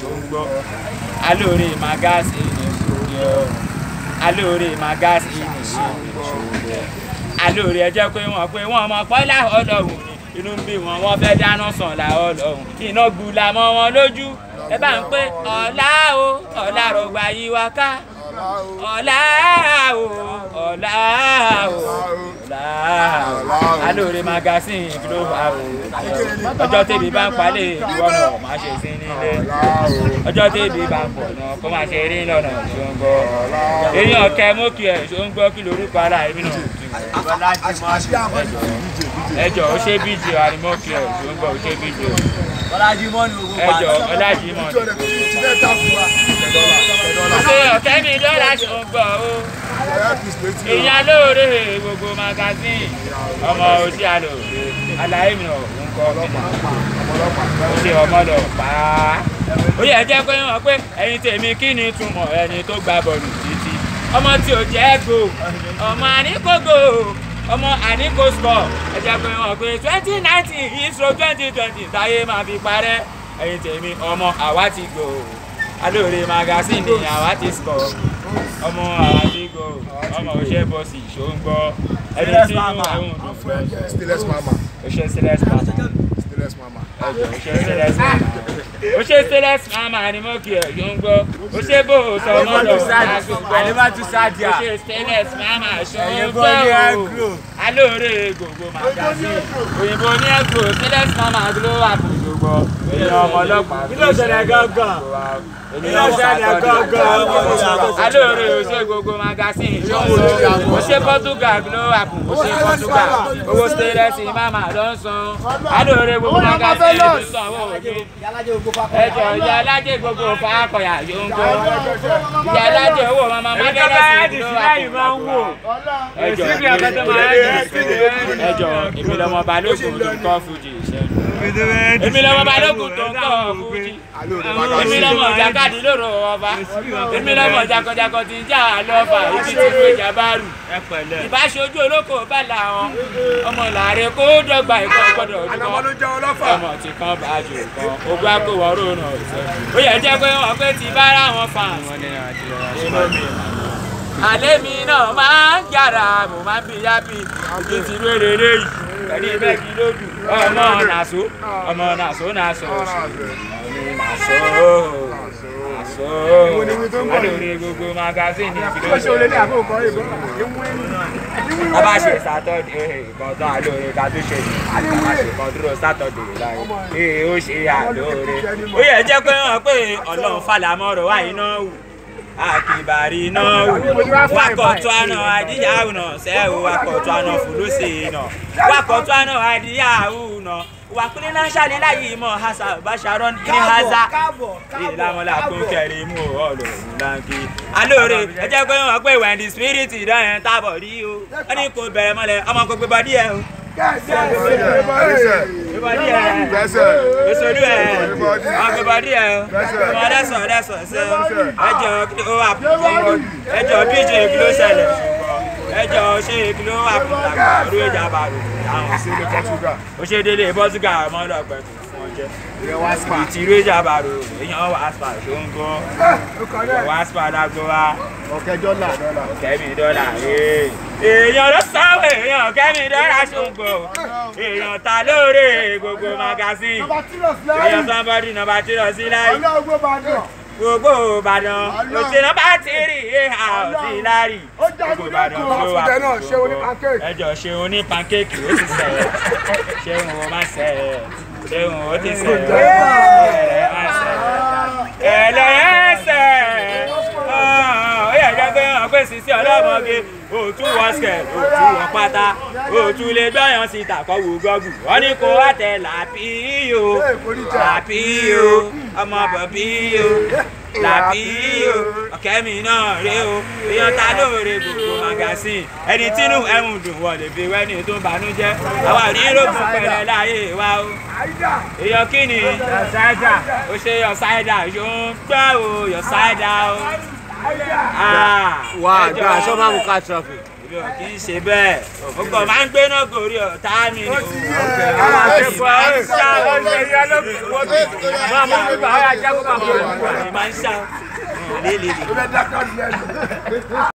ṣóńgbọ́ alóore magasi ni ṣóńgbọ́ alóore magasi ni ṣóńgbọ́ alóore ẹ jẹ́ pé wọ́n pé wọ́n mọ pọ́lá ọlọ́run ni inú ń bí wọn wọ́n fẹ́ dáná sàn là ọlọ́run iná gbula mọ́ wọn lójú ẹ bá ń pé ọ̀la o ọ̀la rọ̀gbà yìí wá ká ọ̀la o. alóore magasin globe app ọjọ́ tèbi bá ń palẹ̀ ìwọ́nà máa ṣe sí nílé ọjọ́ tèbi bá ń pọ̀nà kó máa ṣe eré lọ́nà ṣóńgbọ́ èèyàn kẹ mókì ẹ̀ ṣóńgbọ́ kí lorúkọ ara ẹ̀mí náà ẹjọ ó ṣe bíjì àrímọ́kì ẹ̀ ṣóńgbọ́ ó ṣe bíjì o ẹjọ ọlájì mọ́ni ọ̀kẹ́ mi dọ́là ṣe ń gbọ́ o ìyá lóore gbogbo magazine ọmọ òsì àlò aláì mi ò ń kọ́ ó ṣe ọmọdé ọ̀pá ó yẹ jẹ́ pé wọ́n pé ẹ̀yin tèmi kí ni túmọ̀ ẹni tó gba bọ́ọ̀lù títí ọmọ tí ò jẹ́ gbò ọmọ àníkógò ọmọ àníkó score ẹ jẹ́ pé wọ́n pé twenty nineteen yìí sọ twenty twenty táyé máa fi parẹ́ ẹ̀yin tèmi ọmọ àwa ti gbòò alóore magazine àwa ti sọ ọmọ àwa ti gò ọmọ òṣè bọ́sì ṣó ń gbọ́ ẹni tí inú ẹ̀hún dùn fún ẹ. stainless mama. òṣè stainless mama. stainless mama. ẹjọ òṣè stainless mama. òṣè stainless mama ni mo kì ẹ yóò ń gbọ́ òṣè bò sọ ọmọ lọ láti gbọ́ òṣè stainless mama ṣó ń gbọ́ o alóore gògò magazine òyìnbó ní ẹgbò stainless mama gló àbùkù gbọ́ èèyàn ọmọ ọlọ́pàá kí ló ṣẹlẹ̀ gángan kí ló ṣẹlẹ̀ gángan alóore òṣè gbogbo magasin ìṣòwò òṣè portugal ló àbùn òṣè portugal owó stérésì mama ló ń san alóore gbogbo magasin ló ń san owó òde ẹjọ ìyá alájẹ gbogbo fàákọyà yóò ń owó mama magẹ́rẹ́sì ló àbùn ẹjọ ìbílẹ̀ ọmọ balógun ló ń kọ́ fújì ìṣẹ́yìn èmi lọ́mọ balógun tó ń kọ́ fújì èmi lọ́mọ jakadi lóró ọba èmi lọ́mọ jakọjakọ tí jà lọ́ba ibi tí mo jà bá ìbáṣojú olóko bá là ọmọ làárẹ̀ kó dọ́gba ìkọ́ gbọ́dọ̀ olùkọ́ ọmọ tí kan bá jù kan ogún akówọ́ rònà ọ̀sẹ̀ ó yẹ jẹ́ pé wọ́n pé ti bára wọn fà àlẹ́ mi náà máa ń yàrá mo máa ń bí yá bí ìdí ti rere léyìí ẹ̀rí bẹ́ẹ̀kì lódù ọmọ nàṣó ọmọ nàṣó nàṣó nàṣó nàṣó alóore gbogbo magazine ìfìlóṣe ọba ṣe sátọ̀dé kan tán alóore ká tó ṣe ọba ṣe kan dúró sátọ̀dé láyé ee ó ṣe àlóore ó yẹ jẹ́ pé wọ́n pé ọlọ́run fàlámọ́rọ̀ wáyé náà wù. akibari náà wò wakọ̀tún àná àdíyà ònà sẹ́wò wakọ̀tún àná fòlóṣè nà wakọ̀tún àná àdíyà ònà wàkúnlé náà ṣàlélá yìí hasa basharon ní haza ìlàmọ́lá kún kẹrin mú ọ̀lọ́ òǹlàǹkì. alóore ẹ jẹ́ pé wọ́n pè wẹ́ndì o o. gbẹsẹ gbẹsọdún ẹ ọgbẹbọdún ẹ ọdẹsọ ọdẹsọ ṣe ẹjọ ó wà fún ẹjọ bíjì kìló ṣẹlẹ̀ ẹjọ ṣe kìló wà fún ọdún ìjàmbá rẹ àwọn òṣèdèlè Portugal ọmọdé ọgbẹtù ìtìrú ìjà bàrò èèyàn wà spa tó ń gbọ́ wà spa dágbó wa. ọ̀kẹ́ dọ́là dọ́là. ọ̀kẹ́ mi dọ́là ee. Eh. èèyàn ló sáwọ̀ èèyàn ọ̀kẹ́ mi dọ́là tó ń gbọ́ èèyàn ta lóore gbogbo magasin èèyàn somebody nọmba tí lọ sí láyé gbogbo ìbàdàn òṣèlú bá ti rí ìhà ọtí lárí gbogbo ìbàdàn ló wà gbogbo ẹjọ ṣe oní pancake ó sì ṣẹlẹ̀ ṣé wọn bá ṣẹlẹ̀ ṣéun ah, ó ti sẹ̀rọ̀ ẹ̀rẹ̀ máa sẹ̀rọ̀ ẹ̀lẹ́ ẹ̀sẹ̀ ó yẹ jẹ́ pé wọ́n pèsè sí ọlọ́mọge òtú wọn skẹ̀ òtú wọn lè gbọ́yàn sí ìtàkọ́wò gọ́gù wọ́n ní kó wá tẹ̀ làpí yìí o làpí yìí o ọmọ bàbí yìí o làbí o ọ̀kẹ́ mi náà rè o èèyàn ta lóore gbogbo magasin ẹni tínú ẹ̀hún dùn wọlé fi wẹ́ni tó ń banújẹ́ àwa rí rògùn pẹ̀lẹ́ láyé wa o èèyàn kí ni yọ̀sáìdà ó ṣe yọ̀sáìdà ṣó ń gbọ́ o yọ̀sáìdà o. wà ah, á gbà sọ́mọ́ àmúká traffic kì í ṣe bẹ́ẹ̀ ọkọ̀ máa ń gbéná gòrí ọ̀tá mi ni àwọn akẹ́kọ̀ọ́ ọ̀ṣà ọ̀ṣà ìyá lókè wọ́pẹ́ máa mú bíbá ọ̀yà jágó máa mú ọ̀rọ̀ ìgbà ní máa ń ṣá.